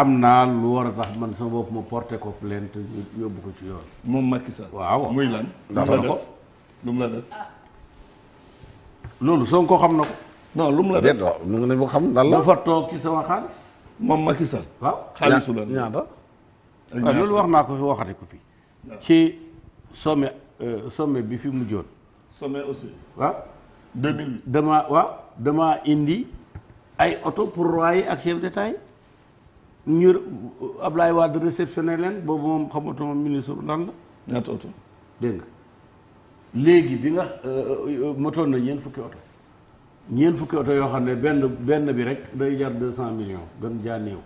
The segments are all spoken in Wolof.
am naa lu war a tax man sama bopp ma porté ko plainte yóbbu ko ci yoon. moom Macky Sall. waaw muy lan. ndax lu mu la def. Ah. loolu Sonko xam na ko. non lu mu la def mu ngi ne xam lan la. dafa toog ci sama xaalis. moom Macky Sall. waaw ah, loolu wax naa ko fi waxati ko fi. ci sommet euh, some bi fi mujjoon. sommet aussi. waaw. 2008 damaa waaw damaa indi ay oto pour rois yi ak chef d'État ñu waa Wade réceptionné leen boobu moom xamatuma ministre lan la. ñaata oto. dégg léegi bi nga euh, motoon na ñeent fukki oto ñeent fukki oto yoo xam ne benn benn bi rek day jar deux cent millions gën jaa néew.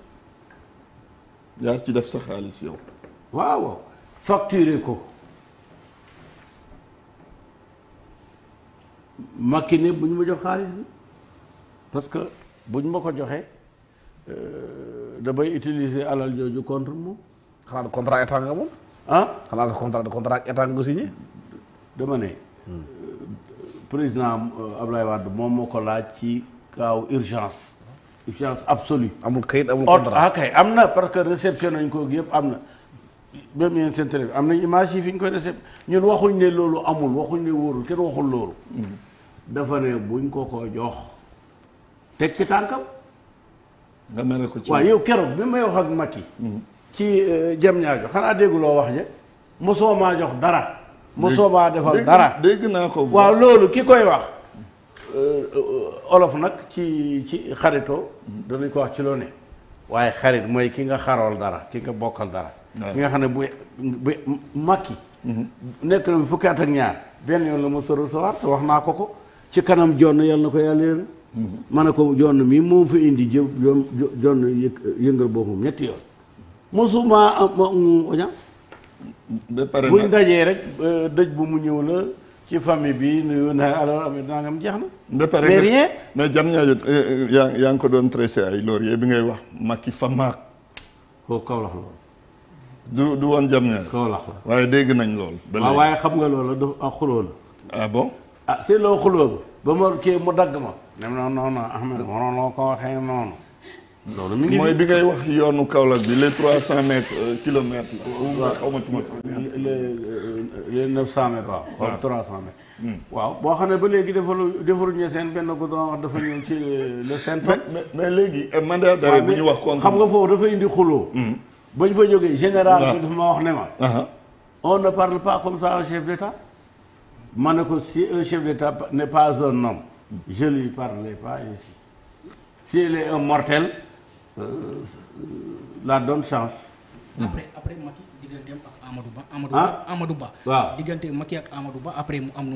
yaa ci def sa xaalis yow. waaw facturé ko. makine bu ñu ma jox xaalis bi parce que bu ñu ma ko joxee. Euh, damay utiliser alal jooju contre moom. xanaa contrat état nga moom. ah xanaa contrat contrat état nga signé. dama ne. Hmm. Euh, président euh, Ablaye Wade moom moo ko laaj ci kaaw urgence. urgence absolue. amul kayit amul contrat ah kay am na parce que réception nañ ko yëpp am na. même yéen seen télé am nañ image yi fi ñu koy réception ñun waxuñ ne loolu amul waxuñ ne wóorul kenn waxul loolu. Hmm. dafa ne buñ ko ko jox. teg ci tànkam. nga mere ko ci waaw yow keroog bi may wax ak Macky. ci euh, jëm ñaajo xanaa loo wax ja mosoo maa jox dara. mosoo maa defal dara dégg naa ko. waaw loolu ki koy wax. Euh, olof nag ci ci xaritoo. danañ ko wax ci loo ne. waaye xarit mooy ki nga xarool dara ki nga bokkal dara. ki nga xam ne bu bu Macky. Mhm. nekk na fukki at ak ñaar benn yoon la ma soro sawar wax naa ko ko ci kanam jonn yàlla na ko yàlla yërëm ma ne ko jonn mi moom fa indi jë jom jonn yëngal boppam ñetti yoon mosuma am audience buñ dajee rek dëj bu mu ñëw la ci famille bi nuyu na alors am nangam jeex na. mais rien jam ñaajo eh, eh, yaa yaa ngi ko doon tressé ay laurier bi ngay wax Macky Famaak. Oh, woon jam ñaajo. Kaolack la waaye dégg nañ lool. ba waaye xam nga loola dafa xuloo la. ah bon. ah si xuloo ba ma kii mu dagg ma. non non non Ahmed waroon ko waxee noonu. loolu mi ngi mooy bi ngay wax yoonu Kaolack bi les trois cent mètres euh, kilomètres. waaw xaw ma trois cent mètres. les les euh, neuf cent mètres waaw. waaw trois cent mètres. Hmm. waaw boo xam ne ba léegi defalu defaruñu seen benn goudron wax dafa ñëw ci euh, le centre. mais mais léegi mandat d'arrêt bu ñu wax. contre xam nga foofu dafa indi xuloo. Hmm. ba ñu fa jógee général bi dafa ma wax ne ma. Uh-huh. on ne parle pas comme ça un chef d'État. ma ne ko si un chef d'État n'est pas un homme. je ne lui parlerai pas ainsi. Si elle est un mortel, euh, euh, la donne change. après après Macky digganteem ak Amadou Ba. Amadou Ba Amadou Ba. Amadou Ba après mu am.